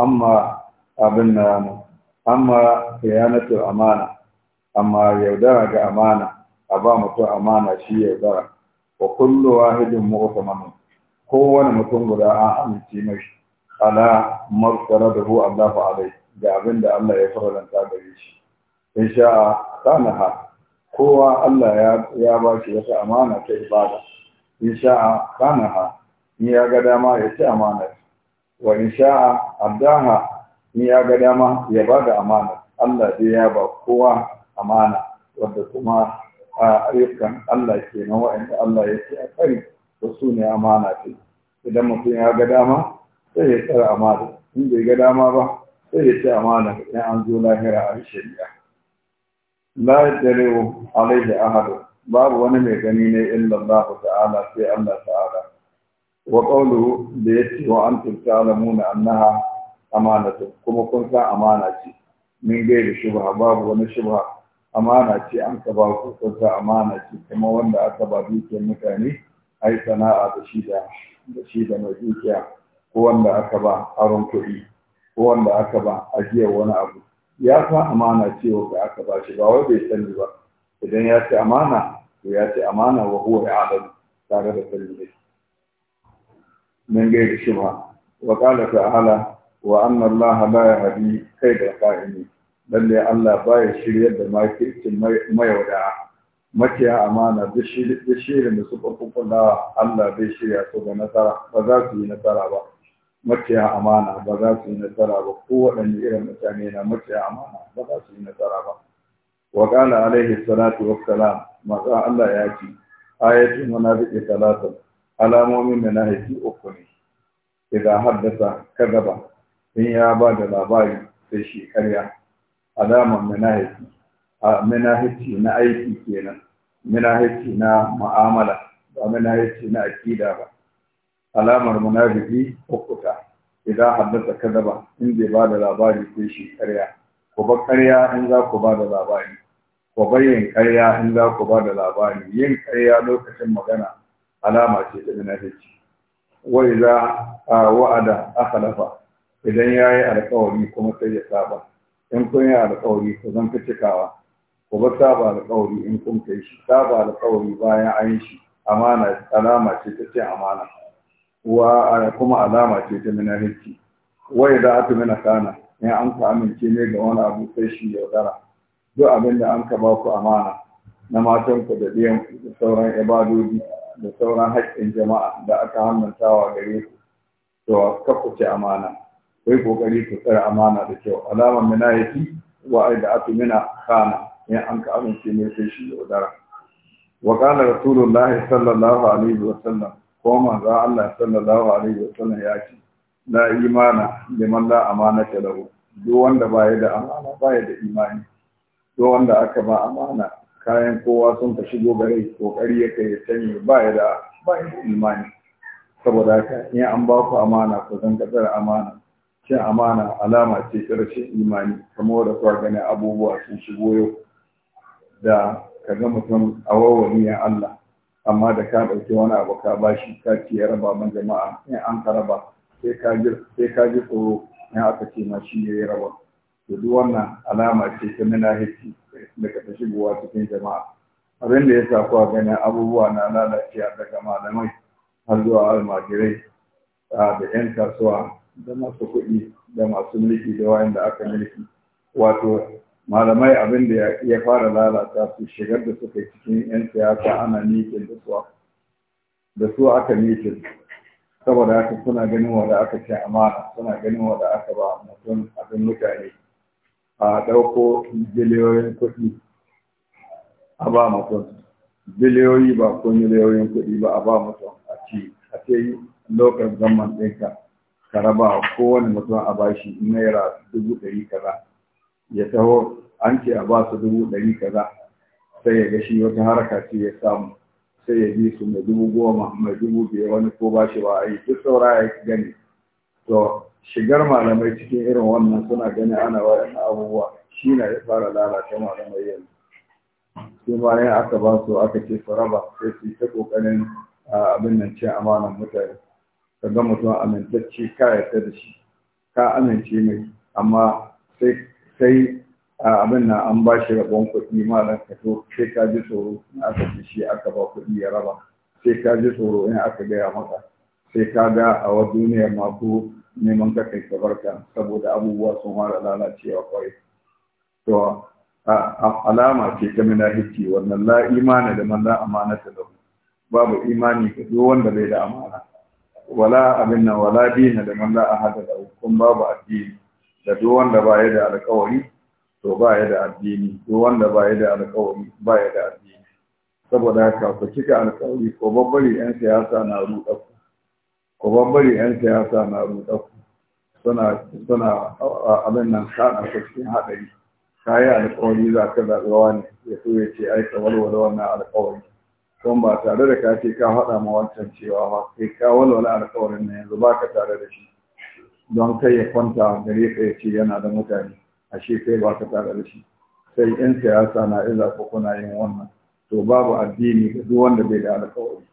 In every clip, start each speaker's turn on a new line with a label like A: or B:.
A: amma abin na amma khiyanatul amana amma yaudara ga amana a ba mutum amana shi yaudara wa kullu wahidin mu'tamanun kowane mutum guda an amince mashi ala martara da hu Allahu alai ga abin da Allah ya faranta gare shi in sha'a kowa Allah ya ya ba shi wata amana ta ibada in sha'a ha," ni ya ga dama ya ci amana wani sha'a abdaha ni ya ga dama ya bada da amana Allah dai ya ba kowa amana wadda kuma a ayyukan Allah ke na wa'anda Allah ya ce a kari da su ne amana ce idan mutum ya ga dama sai ya tsara amana in bai ga dama ba sai ya ce amana in an zo lahira a shari'a la alaihi ahadu babu wani mai gani ne illa Allah ta'ala sai Allah ta'ala wa da yace wa antum ta'lamuna annaha amanatu kuma kun san amana ce min gairi shubha babu wani shubha amana ce an ka ba amana ce kuma wanda aka ba dukiyar mutane ai sana'a da shi da mai dukiya ko wanda aka ba aron kuɗi ko wanda aka ba ajiyar wani abu ya san amana ce wanda aka ba shi ba wai bai sani ba idan ya ce amana to ya ce amana wa huwa ya'lamu tare da sani Mun من غير شبهة وقال تعالى وأن الله لا يهدي كيد القائمين Lallai Allah baya ya shirya da makircin mayauda makiya amana duk shirin da suka kukula Allah bai shirya su ga nasara ba za su yi nasara ba makiya amana ba za su yi nasara ba ko waɗanne irin mutane na makiya amana ba za su yi nasara ba wa qala alaihi salatu wassalam maza Allah ya ce ayatul munafiqi salatun alamomin da na haifi uku ne idan haddasa kadaba in ya ba da labari sai shi karya alamar manahiti manahiti na aiki kenan manahiti na ma'amala ba manahiti na aƙida ba alamar uku ta idan haddasa kadaba in bai ba da labari sai shi karya ku ba karya in za ku ba da labari ku bayyana karya in za ku ba da labari yin karya lokacin magana alama ce ta munafici wa idza wa'ada akhlafa idan yayi alƙawari kuma sai ya saba in kun yi alƙawari ku zan ka cikawa ku ba saba alƙawari in kun kai shi saba alƙawari bayan an yi shi amana alama ce ta ce amana wa kuma alama ce ta munafici wa idza atmina kana in an ka amince ne ga wani abu sai shi yaudara duk abin da an ka ba ku amana na matanku da ɗiyanku sauran ibadodi da sauran haƙƙin jama'a da aka wa gare ku to kakuce amana kai kokari ku tsare amana da kyau alama mina yaki wa ai da aka mina kana in an ka amince ne sai shi da udara wa kana rasulullahi sallallahu alaihi wa sallam ko manzo Allah sallallahu alaihi wa sallam ya ce la imana liman la amanata lahu duk wanda ba ya da amana ba ya da imani duk wanda aka ba amana kayan kowa sun ka shigo gare kokari ya kai sani ba ya da ba ya da imani saboda haka in an ba ku amana ku zan kasar amana cin amana alama ce ta imani kamar da kuwa ganin abubuwa sun shigo yau da ka ga mutum a ya Allah amma da ka ɗauki wani abu ka bashi ka ce ya raba man jama'a in an ka raba sai ka ji tsoro in aka ce ma shi ya yi raba to duk wannan alama ce ta munafici da ka shigowa cikin jama'a abin da ya sa kuwa ganin abubuwa na lalacewa daga malamai har zuwa almajirai da 'yan kasuwa da masu kuɗi da masu mulki da wayan da aka mulki wato malamai abin da ya fara lalata su shigar da suka cikin 'yan siyasa ana mikin da su da su aka mikin saboda haka suna ganin wanda aka ce amana suna ganin wanda aka ba mutum abin mutane a ɗauko biliyoyin kuɗi a ba mutum biliyoyi ba ko miliyoyin kuɗi ba a ba mutum a ce a ce lokacin zaman ɗinka ka raba kowane mutum a bashi naira dubu ɗari kaza ya taho an ce a ba su dubu ɗari kaza sai ya ga shi wata haraka ce ya samu sai ya bi su mai dubu goma mai dubu biyar wani ko ba shi ba a yi duk saura ya gani to shigar malamai cikin irin wannan suna gani ana waɗannan abubuwa shi na ya fara lalata malamai yanzu sai bayan aka ba su aka ce su raba sai su yi ta kokarin abin nan ce amanan mutane ka ga mutum amintacce ka yarda da shi ka amince mai amma sai abin na an ba shi rabon kuɗi malam ka to sai ka ji tsoro in aka ce shi aka ba kuɗi ya raba sai ka ji tsoro in aka gaya maka sai ka ga a wa duniyar mako neman ka kai saboda abubuwa sun fara lalacewa kwarai to alama ce ta hiki wannan la imana da man la ta da babu imani ga duk wanda bai da amana wala abinna wala dina da man la ahada da kun babu addini da duk wanda ba ya da alƙawari to ba ya da addini duk wanda ba ya da alƙawari ba ya da addini saboda haka ku cika alƙawari ko babbari yan siyasa na ruɗa ku babban bari 'yan siyasa na rudaku suna suna abin nan kana a cikin haɗari kayi alƙawari za ka zaɓewa ne ya so ya ce ai walwala wannan alƙawari don ba tare da ka ce ka faɗa ma wancan cewa ba kai ka walwala alƙawarin nan yanzu ba ka tare da shi don kai ya kwanta gare ka ya ce yana da mutane ashe kai ba ka tare da shi sai 'yan siyasa na iza ko kuna yin wannan to babu addini ga duk wanda bai da alƙawari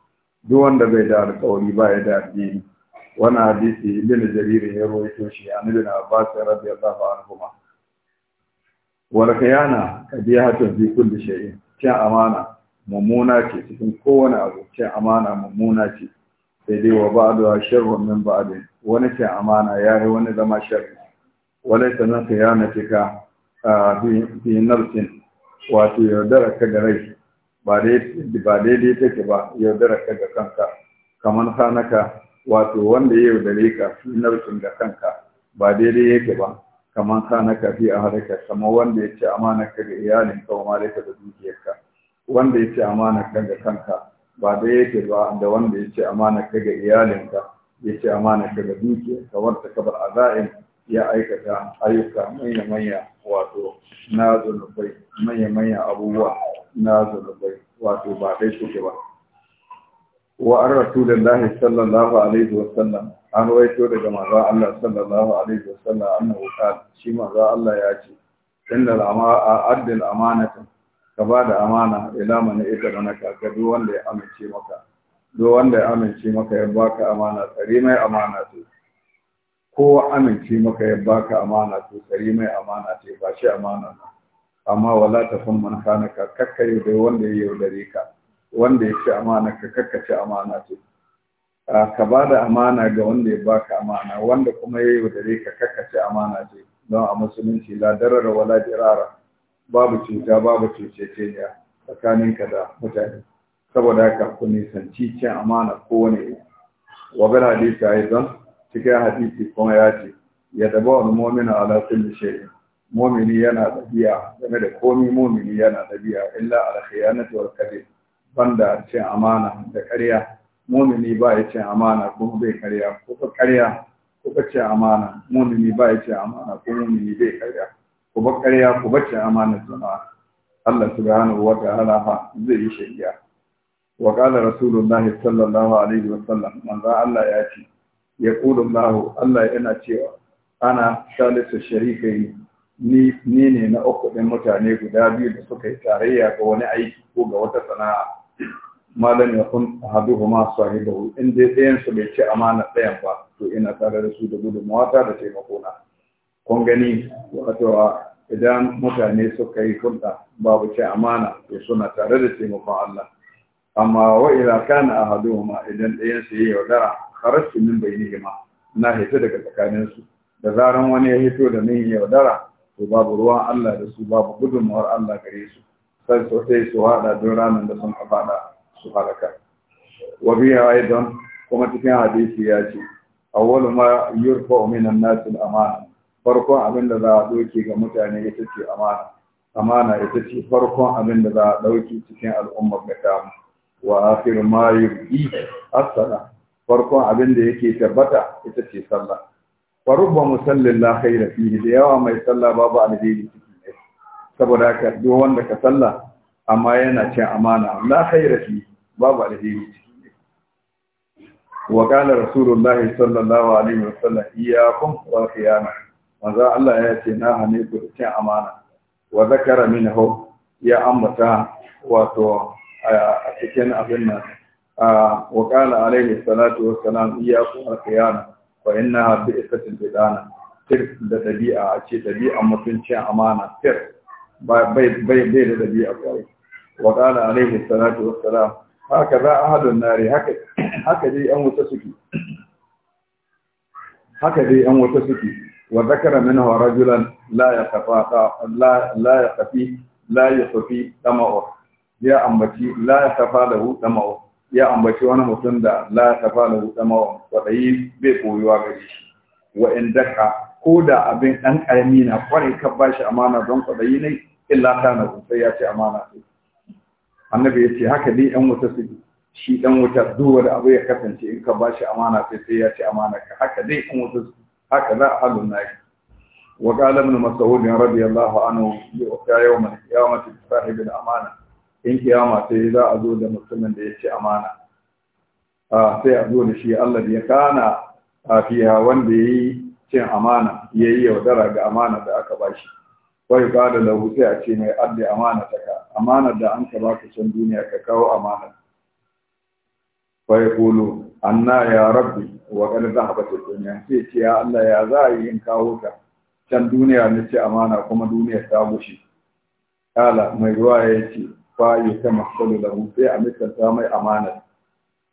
A: duk wanda bai da alƙawari ba ya da addini wani hadisi ibn jarir ya rawaito shi an na abbas radiyallahu anhu ma wal khiyana kadiyatu fi kulli shay'in cin amana mummuna ce cikin kowane abu cin amana mummuna ce sai dai wa ba'du sharrun min ba'd wani cin amana yayi wani zama sharri wala tanan khiyanatika ah, fi nafsin wato yaudara ka da rai ba daidai take ba yaudara ka ga kanka kamar hanaka wato wanda ya yaudare ka fi narkin ga kanka ba daidai yake ba kamar hanaka fi a harkar kamar wanda ya ce ka ga iyalin ka wa da dukiyarka wanda ya ce ka ga kanka ba da yake ba da wanda ya ce ka ga iyalinka ya ce ka ga dukiyarka wanda ka bar za'in ya aikata ayyuka manya-manya wato na zunubai manya-manya abubuwa na zunubai wato ba dai suke ba wa an lahi sallallahu alaihi wa sallam an waito daga maza Allah sallallahu alaihi wa sallam annahu wuta shi maza Allah ya ce inda amana amanata ka ba da amana ila mana ita manaka ka duk wanda ya amince maka duk wanda ya amince maka ya baka amana tsari mai amana to kowa amince maka ya baka amana to kare mai amana ce ba shi amana na amma wala ta san man kana ka dai wanda ya yaudare ka wanda ya ci amana ka kakkace amana ce ka ba da amana ga wanda ya baka amana wanda kuma ya yaudare ka kakkace amana ce don a musulunci ladarar darara wala dirara babu cuta babu tsakanin tsakaninka da mutane saboda haka ku nisanci cin amana kowane wa bil hadisi don cikin hadisi kuma ya ce ya taba wani momina ala kulli shay'in mumini yana dabiya game da komi mumini yana dabiya illa ala khiyanati wal kadhib banda cin amana da ƙarya mumini ba ya cin amana ko bai ƙarya ba ƙarya ba cin amana mumini ba ya cin amana ko mumini bai ƙarya ba ƙarya ba cin amana jama'a Allah subhanahu wa ta'ala zai yi shari'a wa qala rasulullahi sallallahu alaihi wa sallam manzo Allah ya ce ya kulun lahu Allah yana cewa ana salisu sharikai ni ni ne na uku ɗin mutane guda biyu da suka yi tarayya ga wani aiki ko ga wata sana'a malam ya kun haduhu ma sahibahu in dai ɗayan su bai ci amana ɗayan ba to ina tare da su da gudunmawata da taimako na kun gani wato idan mutane suka yi hulɗa babu ci amana to suna tare da taimakon Allah amma wa ila kana ahaduhuma idan ɗayan su yi yaudara kharajtu min bainihima na hita daga tsakanin su da zaran wani ya hito da min yaudara to babu ruwan Allah da su babu gudunmawar Allah gare su sai su sai su hada don ranar da sun abada su halaka wa biya aidan kuma cikin hadisi ya ce awwalu ma yurfa min an-nas al-amana farkon abin da za a doke ga mutane ita ce amana amana ita ce farkon abin da za a dauki cikin al'ummar da ta wa akhir ma as farkon abin da yake tabbata ita ce sallah wa rubba musallin la khaira fihi da yawa mai sallah babu alheri cikin shi saboda ka duk wanda ka sallah amma yana cin amana la khaira fihi babu alheri cikin shi wa qala rasulullah sallallahu alaihi wasallam iyyakum wa khiyana manzo Allah ya ce na hane ku cin amana wa zakara minhu ya ambata wato a cikin abin nan wa qala alaihi salatu wassalam iyyakum al-khiyana fa innaha bi'satil bidana sir da dabi'a a ce dabi'a mutuncin amana sir bai bai da dabi'a kwai wa qala alaihi salatu haka za ahadun nari haka haka dai an wuta suke haka dai an wuta suke wa zakara minhu rajulan la yaqafa la la yaqafi la ya ambaci la yaqafa lahu tama'u ya ambaci wani mutum da la ta fara huɗa mawa kwaɗayi bai koyuwa gari shi wa in daka ko da abin ɗan ƙarami na kwarai ka ba shi amana don kwaɗayi ne illa ta na sai ya ce amana ce annabi ya ce haka dai ɗan wuta su shi ɗan wuta duk da abu ya kasance in ka ba shi amana sai sai ya ce amana ka haka dai ɗan wuta su haka za a na yi. halin nashi وقال ابن مسعود رضي mai عنه يوم القيامة da amana in kiyama sai za a zo da mutumin da ya ci amana sai a zo da shi Allah ya kana a fiya wanda ya yi cin amana ya yi yaudara ga amana da aka ba shi wai ba da lahu sai a ce mai adda amana ta ka amana da an ka baka can duniya ka kawo amana wai kulu anna ya rabbi wa za zahabat ad duniya sai ce ya Allah ya za a yi in kawo ka can duniya na ce amana kuma duniya ta bushe kala mai ruwa ya ce fa ta masalu da sai a ta mai amanar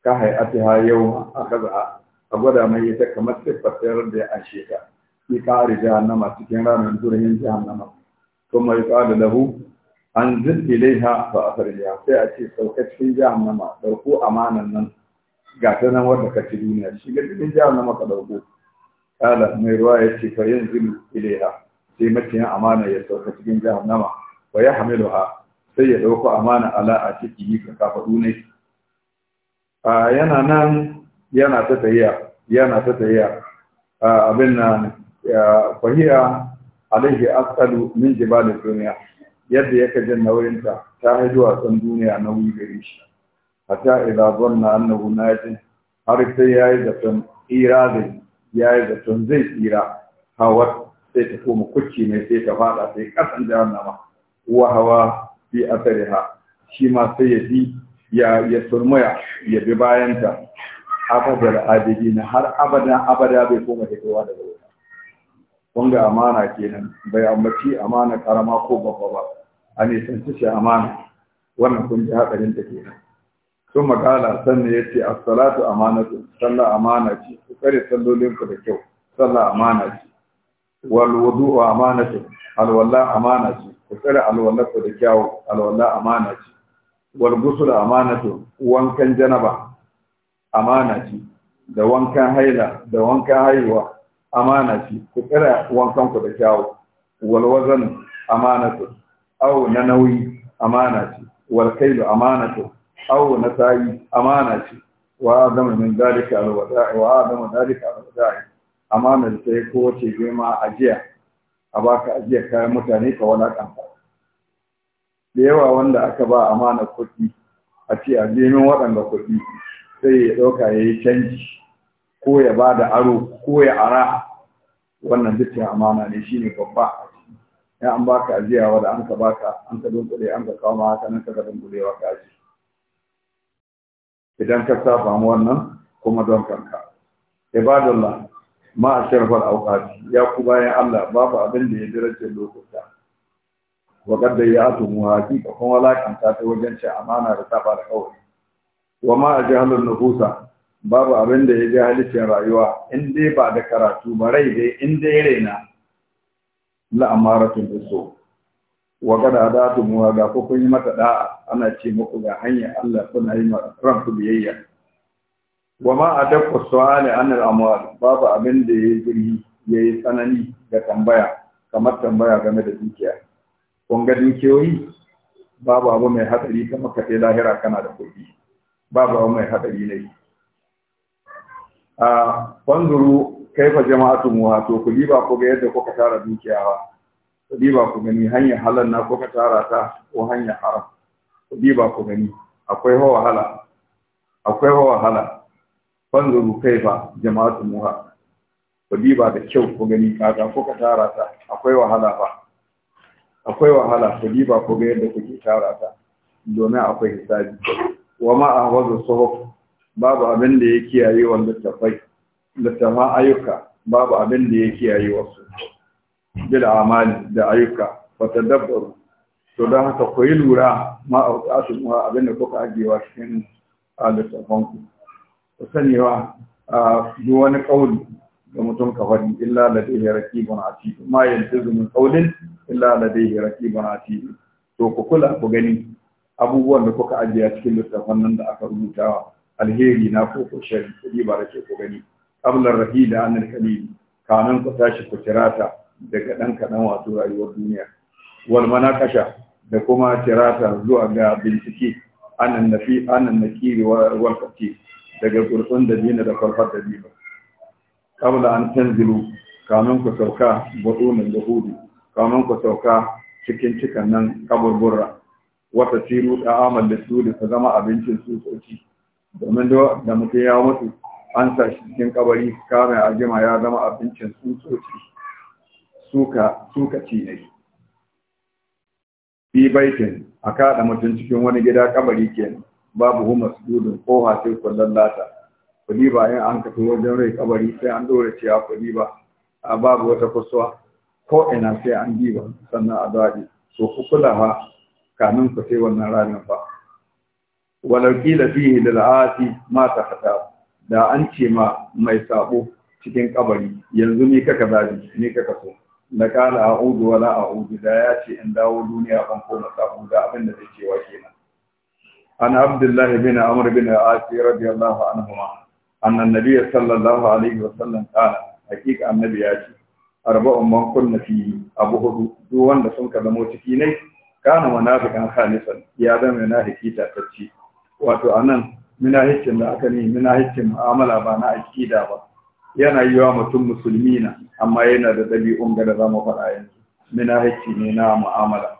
A: ka hai'ati ha yau a kaza a gwada mai ita kamar siffar da ya ashe ta kare jahannama cikin ranar durhin jahannama kuma ya fada lahu an zirki laiha fa asariya sai a ce sauka cikin jahannama dauko amanan nan ga ta nan wanda ka ci duniya shi ga cikin jahannama ka dauko kala mai ruwa ya ce fa yanzu ilaiha sai maciyan amana ya sauka cikin jahannama wa ya hamiluha sai ya ɗauko amana ala a ciki yi ka kafaɗu ne a yana nan yana ta tahiya yana ta tahiya abin na fahiya alaihi asalu min jibalin duniya yadda yake jin nauyinta ta haihuwa san duniya nauyi gare shi A hatta idza zanna annahu yajin har sai yayi da tun tsira zai yayi da tun zai tsira hawa sai ta koma kucci mai sai ta fada sai kasan jahannama wa hawa fi asariha shi ma sai ya bi ya ya surmaya ya bi bayanta abadar adadi na har abada abada bai koma hitowa daga wuta wanga amana kenan bai ambaci amana karama ko babba ba a san shi amana wannan kun ji hadarin ta kenan sun makala sannan ya ce salatu amanatu sallah amana ce ku kare sallolinku da kyau sallah amana ce wal wudu'u amanatu alwalla amanatu ku tsira alwallatu da kyawu alwalla amanatu wal ghusl amanatu wankan janaba amanatu da wankan haila da wankan haihuwa amanatu ku tsira wankan ku da kyawu wal wazan amanatu aw na nauyi amanatu wal kailu amanatu aw na sayi amanatu wa adamu min dalika alwada'i wa adamu dalika alwada'i amanar ta yi kowace girma ajiya a baka ajiyar kayan mutane ka kan kanta da yawa wanda aka ba amana kuɗi a ce a neman waɗanda kuɗi sai ya ɗauka ya yi canji ko ya ba da aro ko ya ara wannan dukkan amana ne shine babba ya an baka ajiya wanda an ka baka an ka dunkule an ka kawo ma haka nan ka ga dunkulewa ka ji idan ka saba wannan kuma don kanka ibadallah ma a sharfar ya ku bayan Allah babu abin da ya darajar lokuta wa kadda ya atu muhaji ka kuma lakanta ta wajen ci amana da saba da kawai wa ma a jahalar nufusa babu abin da ya ji halittar rayuwa in dai ba da karatu ba rai dai in dai raina la'amaratun iso wa kada da atu muhaga ko kun yi mata da'a ana ce muku ga hanyar Allah kuna yi ma ranku biyayya wa ma a dakwa su'ali an al'amuwar babu abin da ya yi ya yi tsanani da tambaya kamar tambaya game da dukiya kun ga dukiyoyi babu abu mai hatsari kama kaɗai lahira kana da kuɗi babu abu mai hatsari ne a fanzuru kaifa jama'atu muha to ku liba ku ga yadda kuka tara dukiya ku liba ku gani hanyar halal na kuka tara ta ko hanyar haram ku liba ku gani akwai wahala akwai wahala fanzuru kaifa jama'atu muha ku diba da kyau ku gani kaga kuka tara ta akwai wahala fa akwai wahala ku diba ku ga yadda kuke tara ta domin akwai hisabi wa ma ahwazu suhuf babu abin da ya kiyaye wa littafai littafan ayyuka babu abin da ya kiyaye wasu bil amali da ayyuka fa tadabbaru to don haka ku yi lura ma a abin da kuka ajiyewa cikin littafan ku ku a duk wani kauli ga mutum ka faɗi illa ladaihi raqibun atid ma yantazu min qawlin illa ladaihi raqibun atid to ku kula ku gani abubuwan da kuka ajiye cikin littafan nan da aka rubuta alheri na ko ko shari kudi ba da ke ku gani qabla rahila an alqalil kanan ku tashi ku tirata daga dan kadan wato rayuwar duniya wal manakasha da kuma tirata zuwa ga bincike anan nafi anan nakiri wal qatil daga kurkun da dina da farfar da dina kabla an tanzilu kamun ku sauka budunan yahudi kamun ku sauka cikin cikan nan kaburbura wata tiru da amal da su da zama abincin su sauki domin da mutum ya mutu an sa shi cikin kabari kame a jima ya zama abincin su sauki suka suka ci ne Bi baitin a kada mutum cikin wani gida kabari kenan babu hu masudin ko hasil kullun lata kudi ba in an kafa wajen rai kabari sai an dora ciya kudi ba a babu wata kusuwa ko ina sai an diba sannan a daɗi so ku kula ha kanin ku sai wannan ramin fa walau kila fihi lil aati ma ta hada da an ce ma mai sabo cikin kabari yanzu ni kaka zabi ni kaka so na kala a'udu wala a'udu da ya ce in dawo duniya ban koma sabo da abin da zai cewa kenan عن عبد الله بن عمرو بن العاص رضي الله عنهما أن النبي صلى الله عليه وسلم قال حقيقة النبي ياتي أربع من كن فيه أبو هدو دوان لسن كلمو تكيني كان منافقا خالصا يا ذا منافقي تاتشي واتو أنن منافقين لا أكني منافقين معاملة بانا أكيدا با yana yi wa mutum musulmi na amma yana da ɗabi'un ga da za mu faɗa yanzu munafiki ne na mu'amala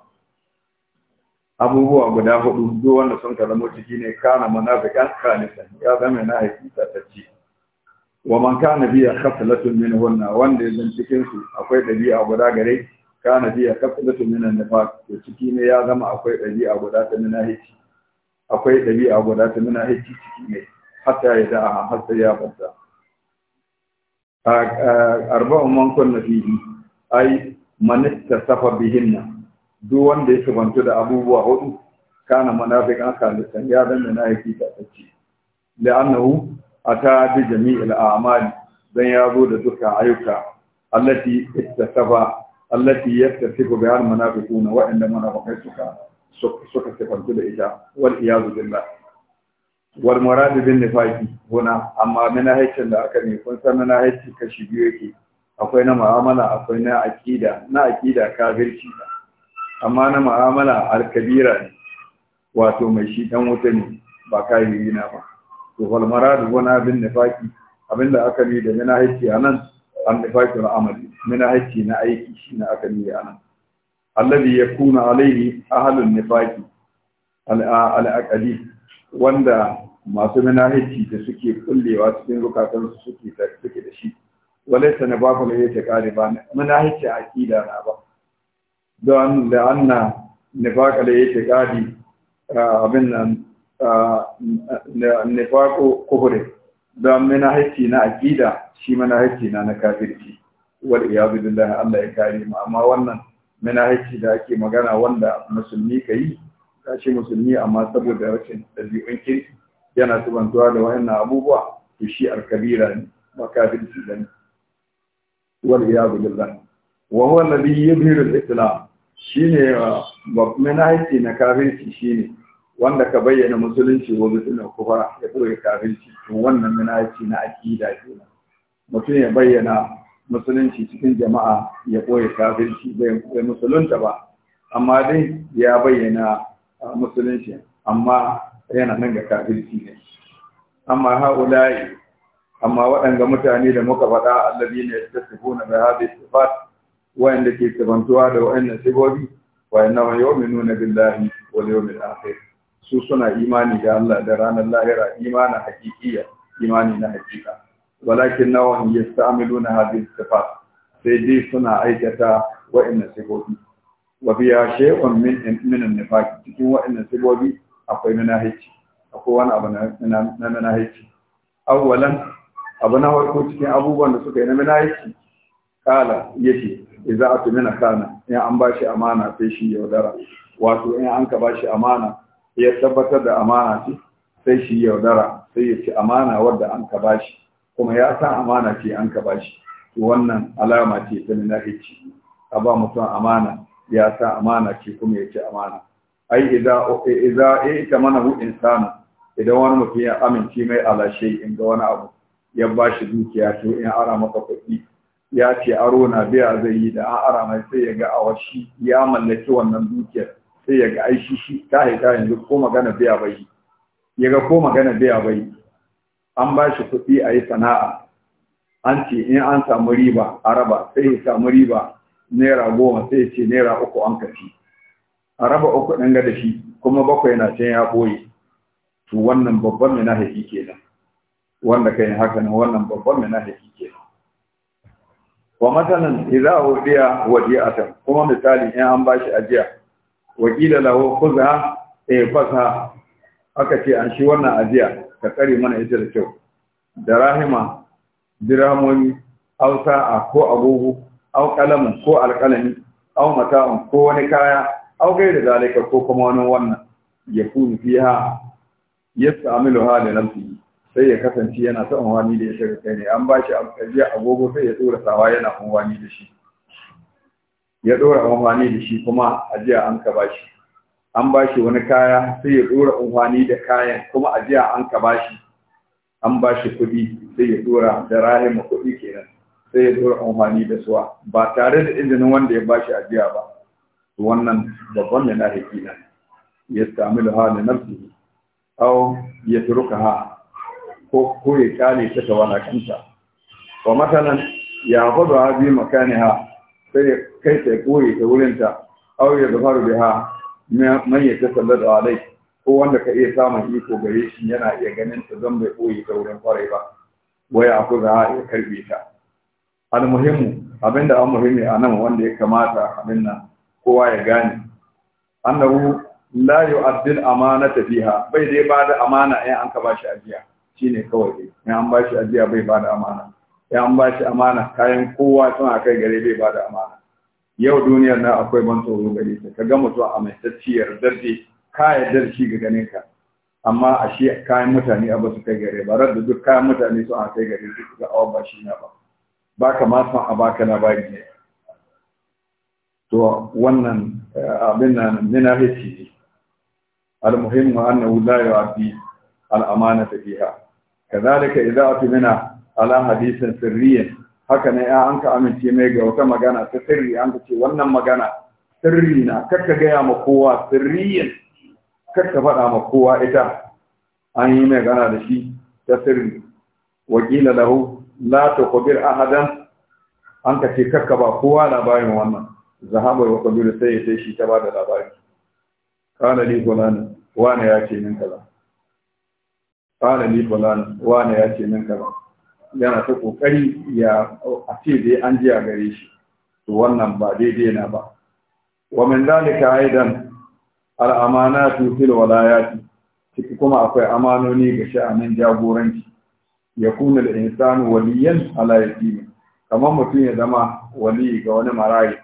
A: abubuwa guda hudu duk wanda sun ka zama ciki ne kana munafiqan khalisan ya zama na ta tacci wa man kana biya khaflatun min wanna wanda yanzu cikin su akwai dabi'a guda gare kana biya khaflatun min nifaq to ciki ne ya zama akwai dabi'a guda ta munafiqi akwai dabi'a guda ta munafiqi ciki ne hatta ya da'a hatta ya A arba'u man kunna fihi ay man istasafa bihinna duk wanda ya shubantu da abubuwa hudu kana munafiqan san ya zan munafiki ta tace annahu ata bi jami'il a'mal dan ya zo da duka ayyuka allati ittasaba allati yattasifu bi al munafiqun wa inda munafiqai suka suka sifantu da ita wal iyazu billah wal murad bin nifaqi huna amma haicin da aka ne kun san na manahici kashi biyu yake akwai na mu'amala akwai na aqida na aqida kafirci da amma na mu'amala al-kabira ne wato mai shi dan wuta ne ba yi na ba to wal maradu wana bin abin da aka yi da mina a nan an nifaqi al amali mina haici na aiki shine aka yi anan ya yakuna alayhi ahlun nifaqi al wanda masu mina haici da suke kullewa cikin zukatan suke da shi walaysa nifaqu la yata qariba mina a ƙida na ba don da anna nifaka da yake gadi abin nan nifako kuhure don mina haiti na aƙida shi mana haiti na na kafirci wal iyadu billahi Allah ya kare mu amma wannan mina haiti da ake magana wanda musulmi kai kashi musulmi amma saboda rashin ɗabi'un kirki yana tubantuwa da wayannan abubuwa to shi alkabira ne ba kafirci ba ya wal iyadu billahi wa huwa alladhi yubhiru al-islam shine uh, babban aiki na kafirci shine wanda ka bayyana musulunci ko mutumin kufara ya koyi kafirci to wannan na akida kenan mutum ya bayyana musulunci cikin jama'a ya koyi kafirci bai musulunta ba amma dai ya bayyana uh, musulunci amma yana nan ga kafirci ne amma haula'i amma waɗanga mutane da muka faɗa allazi ne ya tafi na bai sifat wa'anda ke sabantuwa da wa'annan sigobi wa inna ma yu'minuna billahi yau min akhir su suna imani da Allah da ranar lahira imani hakikiya imani na hakika walakin nawahum na hadhihi sifat sai dai suna aikata wa'annan sigobi wa biya shay'un min min an-nifaq cikin wa'annan sigobi akwai munafici akwai wani abu na munafici awwalan abu na farko cikin abubuwan da suka yi na munafici kala yake Iza idza mina kana in an bashi amana sai shi yaudara wato in an ka bashi amana ya tabbatar da amana ce sai shi yaudara sai ya ci amana wadda an ka bashi kuma ya san amana ce an ka bashi wannan alama ce ta nahici a ba mutum amana ya sa amana ce kuma ya ci amana ai idza idza eh, ita mana hu insana idan wani mutum ya amince mai alashe in ga wani abu ya bashi dukiya to in ara maka kuɗi ya ce aro na biya zai yi da an ara mai sai ya ga shi ya mallaki wannan dukiyar sai ya ga aishi shi ta haita yanzu ko magana biya bai ya ga ko magana biya bai an ba shi kuɗi a yi sana'a an ce in an samu riba a raba sai ya samu riba naira goma sai ya ce naira uku an kafi a raba uku ɗan ga da shi kuma bakwai na can ya ɓoye to wannan babban mai na haƙi kenan wanda kai haka nan wannan babban mai na haƙi kenan wa matanan idza wadiya wadiyatan kuma misali in an ba shi ajiya wakila lahu khudha e fasa aka ce an shi wannan ajiya ka kare mana ita da kyau da rahima dirhamoni aw sa'a ko abubu aw qalamin ko alqalami aw mata'un ko wani kaya aw da zalika ko kuma wani wannan yakun fiha yasta'miluha li nafsihi sai ya kasance yana ta unwani da ita ga kai ne an ba shi ajiya agogo sai ya dora sawa yana unwani da shi ya dora unwani da shi kuma ajiya an ka ba shi an ba shi wani kaya sai ya dora unwani da kayan kuma ajiya an ka ba shi an ba shi kuɗi sai ya dora da rahim kuɗi kenan sai ya dora unwani da suwa ba tare da izinin wanda ya ba shi ajiya ba wannan babban ne na hakina ya sami lahanin nafsi au ya turuka ha ko ko ya kyale ta ta walakanta wa matalan ya hudu ha bi makaniha sai ya kai ta koyi ta wurin ta aw ya zafaru biha man ya tasallada alai ko wanda ka iya samun iko gare shi yana iya ganin ta zan bai koyi ta wurin kwarai ba waya aku za a iya karbe ta almuhimmu abinda an muhimmi a nan wanda ya kamata abin nan kowa ya gane annahu la yu'addil amanata fiha bai dai ba da amana in an ka bashi ajiya Shi ne kawai dai in an bashi ajiya bai bada amana in an bashi amana kayan kowa suna kai gare bai bada amana yau duniyar na akwai ban tsoro gare ka ga mutum a mai tacciyar darje ka yarda shi ga ganin ka amma a shi kayan mutane a basu kai gare ba da duk kayan mutane suna kai gare su ga awan ba shi na ba ba ka ma son a baka labari ne to wannan eh, abin nan nina hici ne al-muhimmu annahu la yu'addi al kazalika idza atmina ala hadisin sirriyin haka ne an ka amince mai ga wata magana ta sirri an ka ce wannan magana sirri na kakka gaya ma kowa sirriyin kakka faɗa ma kowa ita an yi mai gana da shi ta sirri wakila lahu la tuqbir ahadan an ka ce kakka ba kowa labarin wannan zahaba wa kabir sai sai shi ta da labari kana li fulani wani ya ce min kaza fara ni fulana wane ya ce min kaba yana ta kokari ya a ce dai an ji a gare shi to wannan ba daidai na ba wa min dalika aidan al amanatu fil walayati ciki kuma akwai amanoni ga sha'anin jagoranci ya kuna da insanu waliyan ala yatimi kamar mutum ya zama wali ga wani marayi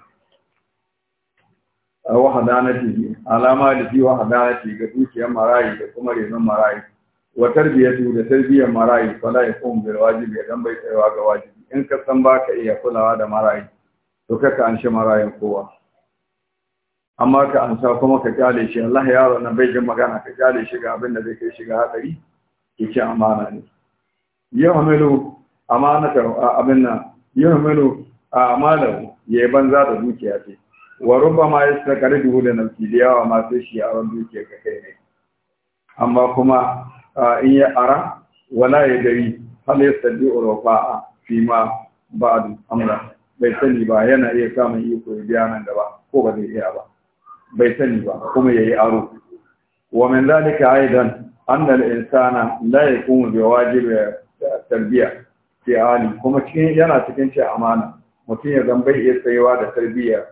A: a wahadanati alama da ji wahadanati ga dukiyar marayi da kuma renon marayi wa tarbiyatu da tarbiyyar marayi fala yakun bil wajibi dan bai tsayawa ga wajibi in ka san ka iya kulawa da marayi to kaka an shi marayin kowa amma ka an sa kuma ka kyale shi Allah yaro na bai jin magana ka kyale shi ga abin da zai kai shiga ga hadari yake amana ne yahmilu amanata abin nan yahmilu amalahu ya banza da dukiya ce wa rubama yastakaridu da nafsi da yawa ma sai shi yaron dukiya ka ne amma kuma in ya ara wala ya gari hal ya sadi a fi ma a amra bai sani ba yana iya samun iko ya biya nan gaba ko ba zai iya ba bai sani ba kuma ya yi aro wa min zalika aidan anna al-insana la yakunu bi wajibi tarbiya fi ali kuma cikin yana cikin ce amana mutum ya zan bai iya tsayewa da tarbiyyar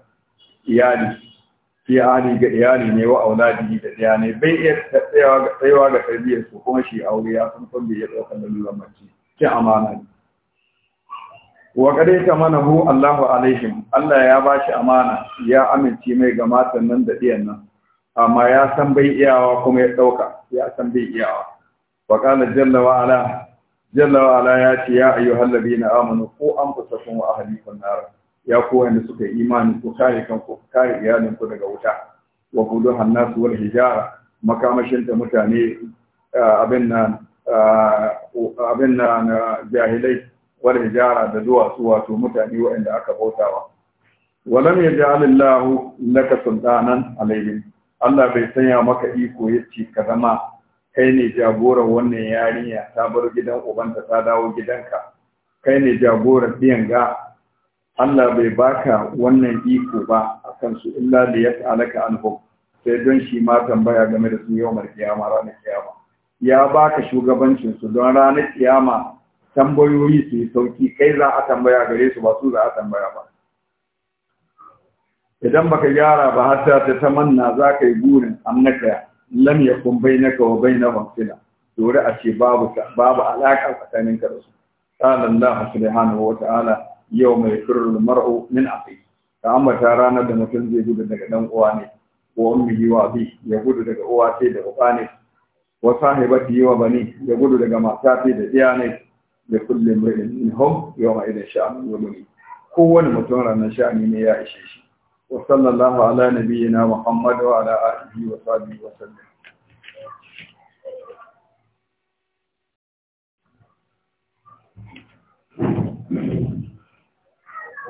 A: iyali fi ali ga iyali ne wa auladi da ɗaya ne bai iya tsayawa ga tarbiyyar su kuma shi aure ya san san bai iya ɗaukar lura mace cin amana ne wa kare ta mana hu Allahu alaihim Allah ya ba shi amana ya amince mai ga matan nan da ɗiyan nan amma ya san bai iyawa kuma ya ɗauka ya san bai iyawa wa kana jalla wa ala jalla wa ala ya ce ya ayyuhal ladina amanu qu anfusakum wa ahlikum nar ya ku wanda suka yi imani ku kare kanku ku kare iyalinku daga wuta wa kudu hannasu wal hijara makamashin da mutane abin nan abin nan jahilai wal hijara da duwatsu wato mutane waɗanda aka bautawa walam yaj'alillahu laka sultanan alaihim Allah bai sanya maka iko yace ka zama kai ne jagoran wannan yarinya ta bar gidan ubanta ta dawo gidanka kai ne jagoran biyan ga Allah bai baka wannan iko ba a kansu illa da ya alaka anhum sai don shi ma tambaya game da su yau mar kiyama ranar kiyama ya baka shugabancin su don ranar kiyama tambayoyi su yi sauki kai za a tambaya gare su ba su za a tambaya ba idan baka gyara ba har ta tamanna za ka yi burin annaka lam yakun bainaka wa na sila dore a ce babu alaƙa alaka tsakaninka da su qala Allah wa ta'ala yau mai firar mar'u min akhi ka ta ranar da mutum zai gudu daga dan uwa ne wa ummihi wa bi ya gudu daga uwa sai da uba ne wa sahibati wa bani ya gudu daga mata sai da iya ne da kullum mri'in minhum yawma idin sha'an Ko kowane mutum ranar sha'ani ne ya ishe shi wa sallallahu ala nabiyyina muhammad wa ala alihi wa sahbihi wa sallam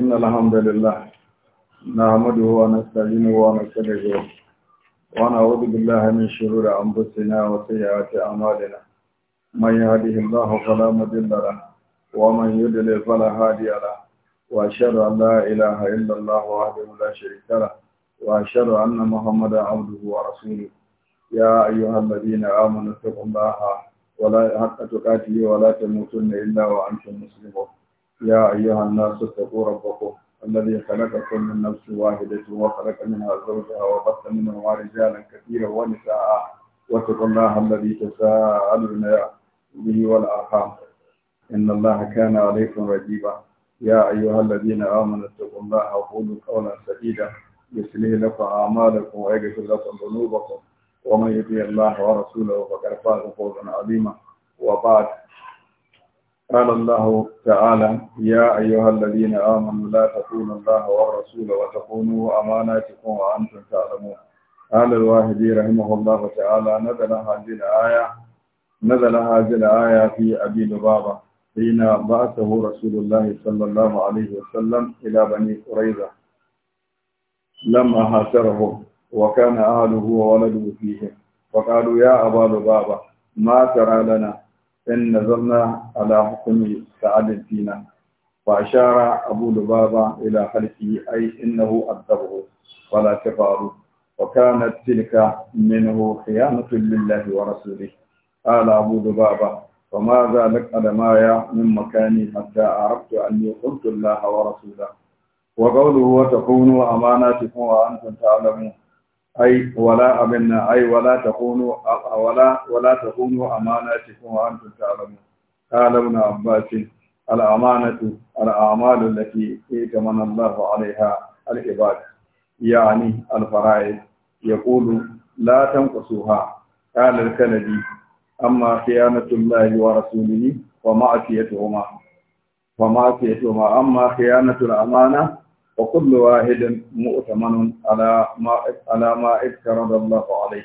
A: إن الحمد لله نعمده ونستعينه ونستغفره ونعوذ بالله من شرور أنفسنا وسيئات أعمالنا من يهده الله فلا مضل له ومن يضلل فلا هادي له وأشهد أن لا إله إلا الله وحده لا شريك له وأشهد أن محمدا عبده ورسوله يا أيها الذين آمنوا اتقوا الله ولا حق تقاته ولا تموتن إلا وأنتم مسلمون يا أيها الناس اتقوا ربكم الذي خلقكم من نفس واحدة وخلق منها زوجها وبث منهما رجالا كثيرا ونساء واتقوا الله الذي تساءلون به والأرحام إن الله كان عليكم رجيبا يا أيها الذين آمنوا اتقوا الله وقولوا قولا سديدا يصلح لكم أعمالكم ويغفر لكم ذنوبكم ومن يطيع الله ورسوله فقد فاز فوزا عظيما وبعد قال الله تعالى يا أيها الذين آمنوا لا تخونوا الله والرسول وتخونوا أماناتكم وأنتم تعلمون قال الواهدي رحمه الله تعالى نزل هذه الآية نزل هذه الآية في أبي لبابة حين بعثه رسول الله صلى الله عليه وسلم إلى بني قريظة لما هاجرهم وكان أهله وولده فيهم فقالوا يا أبا لبابة ما ترى لنا إن نظرنا على حكم سعد فينا وأشار أبو لبابة إلى خلفه أي إنه أدبه ولا كفاره وكانت تلك منه خيانة لله ورسوله قال أبو لبابة وماذا لك أدمايا من مكاني حتى عرفت أني قلت الله ورسوله وقوله وتكونوا أماناتكم وأنتم تعلمون ai wala abinna ai wala takunu wala wala takunu amanatikum wa antum ta'lamun qala ibn abbas al amanatu da ke ita itamana Allah 'alayha al ibad yani al Ya Kulu la tanqusuha قال الكندي أما خيانة الله ورسوله ومعصيتهما ومعصيتهما أما خيانة amana. wa kullu wahidin mu'tamanun ala ma ala alayhi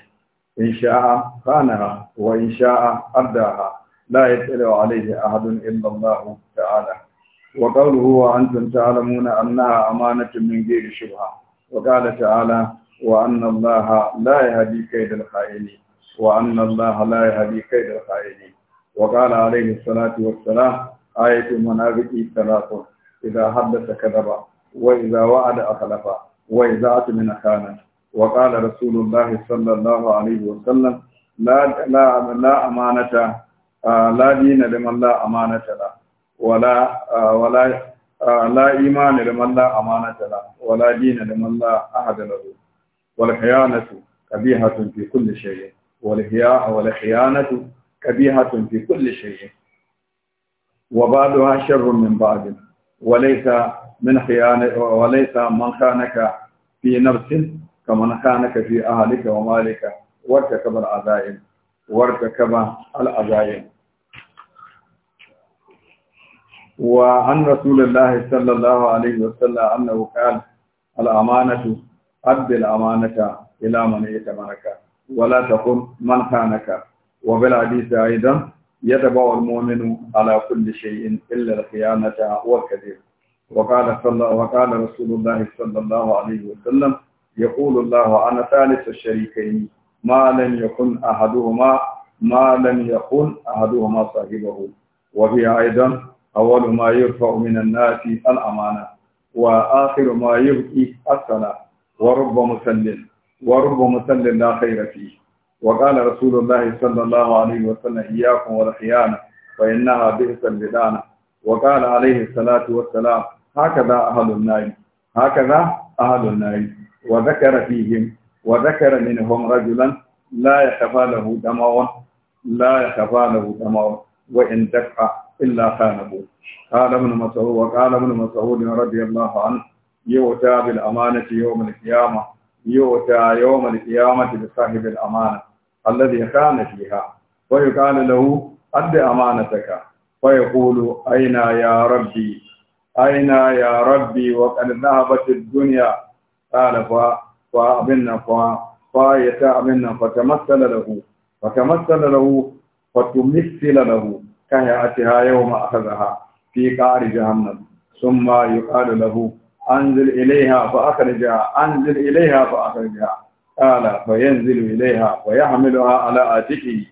A: in sha'a wa in sha'a addaha la yatlu alayhi ahadun illa Allah ta'ala wa qawluhu wa antum ta'lamuna annaha amanatun min ghairi shubha wa qala ta'ala wa anna Allah la yahdi kaydal khayini wa anna Allah la yahdi kaydal khayini wa qala alayhi وإذا وعد أخلف وإذا أتمن كان وقال رسول الله صلى الله عليه وسلم لا لا لا أمانة لا دين لمن لا أمانة له ولا ولا لا إيمان لمن لا أمانة له ولا دين لمن لا أحد له والخيانة قبيحة في كل شيء والخيانة قبيحة في كل شيء وبعضها شر من بعض وليس من خيانة وليس من خانك في نفس كمن خانك في أهلك ومالك وارتكب العزائم وارتكب العزائم وعن رسول الله صلى الله عليه وسلم أنه قال الأمانة أد الأمانة إلى من يتمنك ولا تقل من خانك وبالعديث أيضا يتبع المؤمن على كل شيء إلا الخيانة والكذب وقال صلى وقال رسول الله صلى الله عليه وسلم يقول الله أنا ثالث الشريكين ما لم يكن أحدهما ما لم يكن أحدهما صاحبه وهي أيضا أول ما يرفع من الناس الأمانة وآخر ما يبكي الصلاة ورب مسلم ورب مسلم لا خير فيه وقال رسول الله صلى الله عليه وسلم إياكم والخيانة فإنها بئس البدانة وقال عليه الصلاة والسلام هكذا أهل النار هكذا أهل النار وذكر فيهم وذكر منهم رجلا لا يخفى له دمع لا يخفى له دمع وإن دفع إلا خانه قال ابن مسعود وقال ابن مسعود رضي الله عنه يؤتى بالأمانة يوم القيامة يؤتى يوم القيامة بصاحب الأمانة الذي كان فيها ويقال له أد أمانتك فيقول أين يا ربي أين يا ربي وقد ذهبت الدنيا قال فأبنا فايتا أبنا فتمثل له فتمثل له فتمثل له كهيئتها يوم أخذها في قعر جهنم ثم يقال له أنزل إليها فأخرجها أنزل إليها فأخرجها قال فينزل إليها ويحملها على آتكه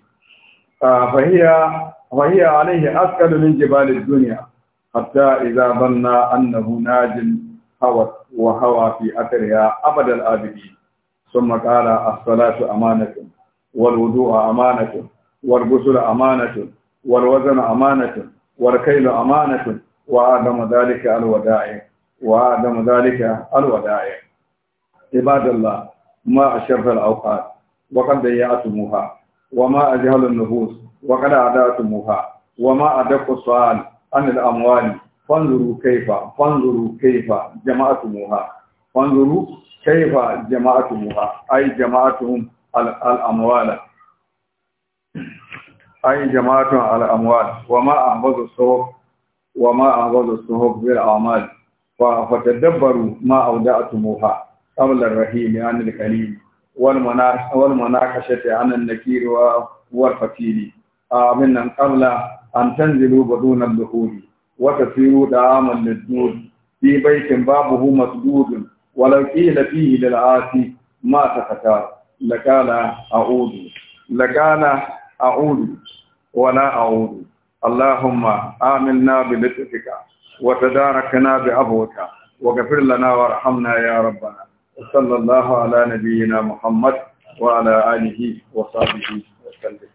A: فهي فهي عليه أثقل من جبال الدنيا hatta idza banna annahu najin hawa wa hawa fi athariha abadal abidi thumma qala as-salatu amanatun wal wudu'u amanatun wal ghuslu amanatun wal waznu amanatun wal kaylu amanatun wa ما أشرف الأوقات وقد ضيعتموها وما أجهل النفوس وقد أعدأتموها وما أدق السؤال an al'amwali fanzuru kaifa fanzuru kaifa jama'atu muha fanzuru kaifa jama'atu muha ai jama'atuhum al'amwala ai jama'atun al'amwal wa ma ahbazu suhuf wa ma ahbazu suhuf bil a'mal fa fatadabbaru ma awda'tumuha qabla ar-rahim an al-kalim wal munakashati an an-nakir wa wal fatili qabla an tanzilu badunan duhuri wa tasiru da'aman lidud fi baitin babuhu masdudun walau qila fihi lil asi ma takata lakala a'udu lakana a'udu wala a'udu اللهم آمنا بلطفك وتداركنا بعفوك وغفر لنا وارحمنا يا ربنا وصلى الله على نبينا محمد وعلى آله وصحبه وسلم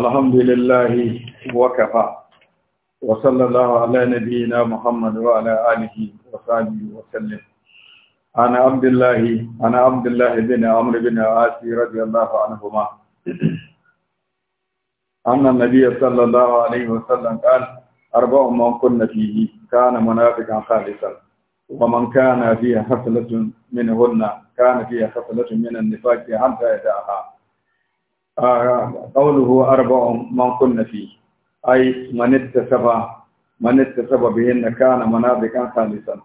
A: الحمد لله وكفى وصلى الله على نبينا محمد وعلى آله وصحبه وسلم أنا عبد الله أنا عبد الله بن عمرو بن عاص رضي الله عنهما أن النبي صلى الله عليه وسلم قال أربع من كن فيه كان منافقا خالصا ومن كان فيها حفلة منهن كان فيها حفلة من النفاق حتى يدعها آه، قوله أربع من كن فيه أي من اتسب من اتسب بهن كان منافقا خالصا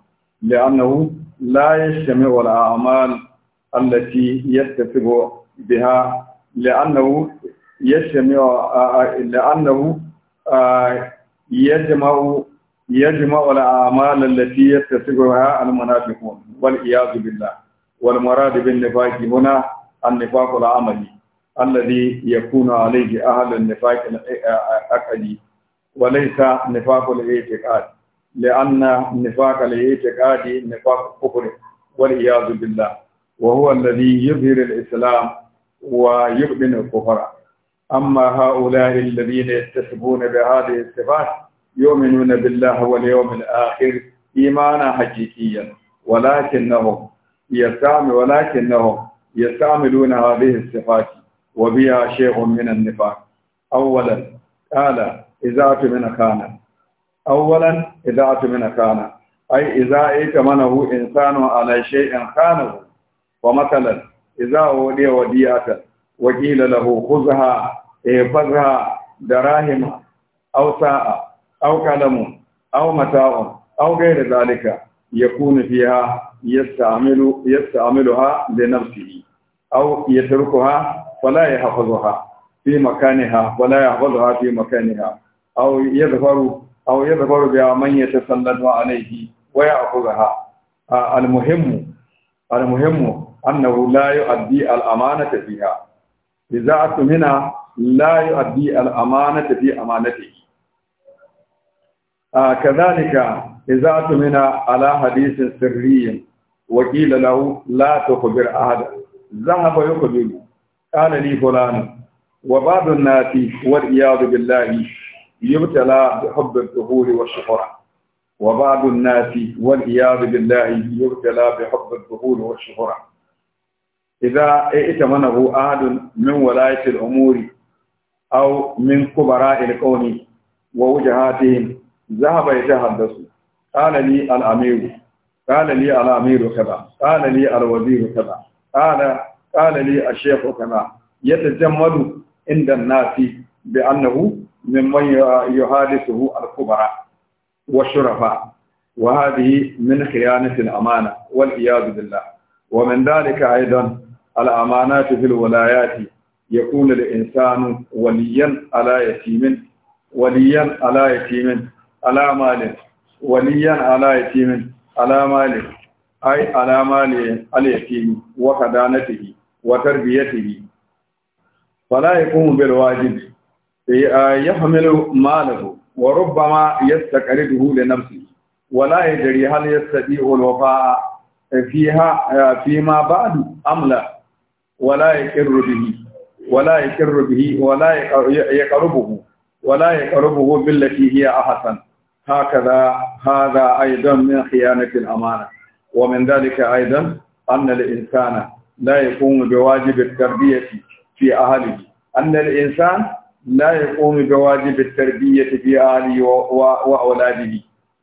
A: لأنه لا يجتمع الأعمال التي يتسب بها لأنه يجتمع آه، لأنه آه، يجمع يجمع الأعمال التي بها المنافقون والعياذ بالله والمراد بالنفاق هنا النفاق العملي الذي يكون عليه أهل النفاق العقدي وليس نفاق الاعتقاد لأن نفاق الاعتقاد نفاق كفر والعياذ بالله وهو الذي يظهر الإسلام ويؤمن الكفر أما هؤلاء الذين يتسبون بهذه الصفات يؤمنون بالله واليوم الآخر إيمانا حقيقيا ولكنهم يستعمل ولكنهم يستعملون هذه الصفات وبها شيء من النفاق اولا قال اذا أتمنى كان اولا اذا أتمنى كان اي اذا ائتمنه انسان على شيء خانه ومثلا اذا ودي وديات وقيل له خذها احفظها دراهم او ساعة او كلم او متاع او غير ذلك يكون فيها يستعمل يستعملها لنفسه او يتركها wala ya hafazuha fi makaniha wala ya hafazuha fi makaniha aw yadhfaru aw yadhfaru bi man yatasallatu alayhi wa ya'khudha al-muhimmu al-muhimmu annahu la yu'addi al-amanata fiha idza كذلك إذا أتمنى على حديث سري وقيل له لا تخبر أحد ذهب يخبره قال لي فلان وبعض الناس والعياذ بالله يبتلى بحب الظهور والشهرة وبعض الناس والعياذ بالله يبتلى بحب الظهور والشهرة إذا ائتمنه أحد من ولاية الأمور أو من كبراء الكون ووجهاتهم ذهب يتحدث قال لي الأمير قال لي الأمير كذا قال لي الوزير كذا قال قال لي الشيخ كما يتجمد عند الناس بأنه ممن يحادثه الكبرى والشرفاء وهذه من خيانة الأمانة والعياذ بالله ومن ذلك أيضا الأمانات في الولايات يكون الإنسان وليا على يتيم وليا على يتيم على مال وليا على يتيم على مال أي على مال اليتيم وخدانته وتربيته فلا يقوم بالواجب آه، يحمل ماله وربما يستقرده لنفسه ولا يدري هل يستطيع الوفاء فيها آه، فيما بعد ام لا ولا يقر به ولا يقر به ولا يقربه ولا يقربه بالتي هي احسن هكذا هذا ايضا من خيانه الامانه ومن ذلك ايضا ان الانسان لا يقوم بواجب التربية في أهله أن الإنسان لا يقوم بواجب التربية في أهله وأولاده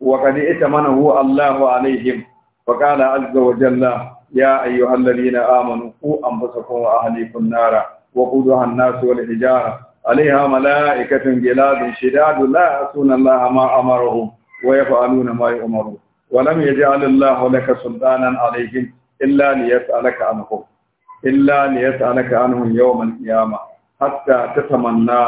A: وقد ائتمنه الله عليهم فقال عز وجل يا أيها الذين آمنوا قوا أنفسكم وأهليكم نارا وقودها الناس والحجارة عليها ملائكة جلاد شداد لا يعصون الله ما أمرهم ويفعلون ما يؤمرون ولم يجعل الله لك سلطانا عليهم إلا ليسألك عنهم إلا ليسألك عنهم يوم القيامة حتى تتمنى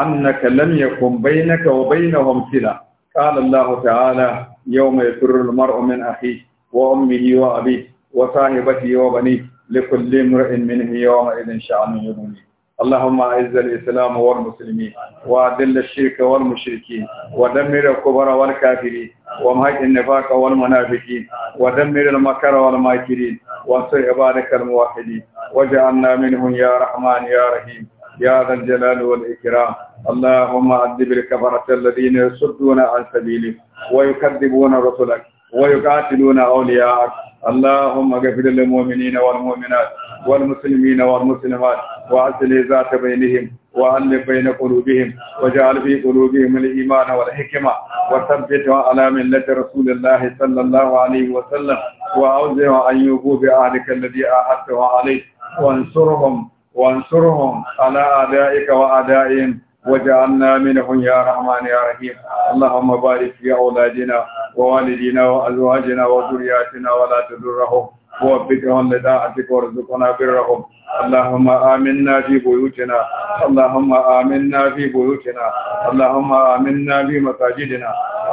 A: أنك لم يكن بينك وبينهم سلا قال الله تعالى يوم يسر المرء من أخيه وأمه وأبيه وصاحبته وبنيه لكل امرئ منه يومئذ شأن يبنيه اللهم اعز الاسلام والمسلمين واذل الشرك والمشركين ودمر الكبر والكافرين ومهج النفاق والمنافقين ودمر المكر والماكرين وانصر عبادك الموحدين واجعلنا منهم يا رحمن يا رحيم يا ذا الجلال والإكرام اللهم عذب الكفرة الذين يصدون عن سبيلك ويكذبون رسلك ويقاتلون أولياءك اللهم اغفر للمؤمنين والمؤمنات والمسلمين والمسلمات وأصل ذات بينهم وألف بين قلوبهم وجعل في قلوبهم الإيمان والحكمة وثبت على ملة رسول الله صلى الله عليه وسلم وأوزع أن يوفوا بأهلك الذي أعدته عليه وانصرهم وانصرهم على أعدائك وأعدائهم وجعلنا منهم يا رحمن يا رحيم اللهم بارك في أولادنا ووالدينا وأزواجنا وذرياتنا ولا تضرهم ووفقهم لداعتك وارزقنا برهم اللهم آمنا في بيوتنا اللهم آمنا في بيوتنا اللهم آمنا في مساجدنا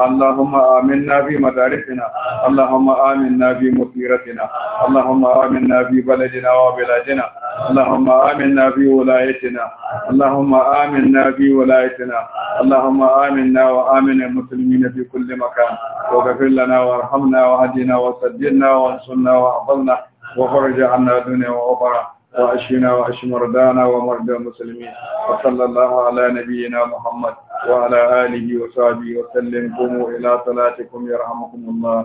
A: اللهم آمنا في مدارسنا اللهم آمنا في مسيرتنا اللهم آمنا في بلدنا وبلادنا اللهم آمنا في ولايتنا اللهم آمنا في ولايتنا اللهم آمنا وآمن المسلمين في كل مكان وغفر لنا وارحمنا وهدنا وسجدنا وانصرنا وأعطنا وأصلنا وفرج عنا دنيا وأخرى وأشفنا وأشف مرضانا ومرضى المسلمين وصلى الله على نبينا محمد وعلى آله وصحبه وسلم قوموا إلى صلاتكم
B: يرحمكم الله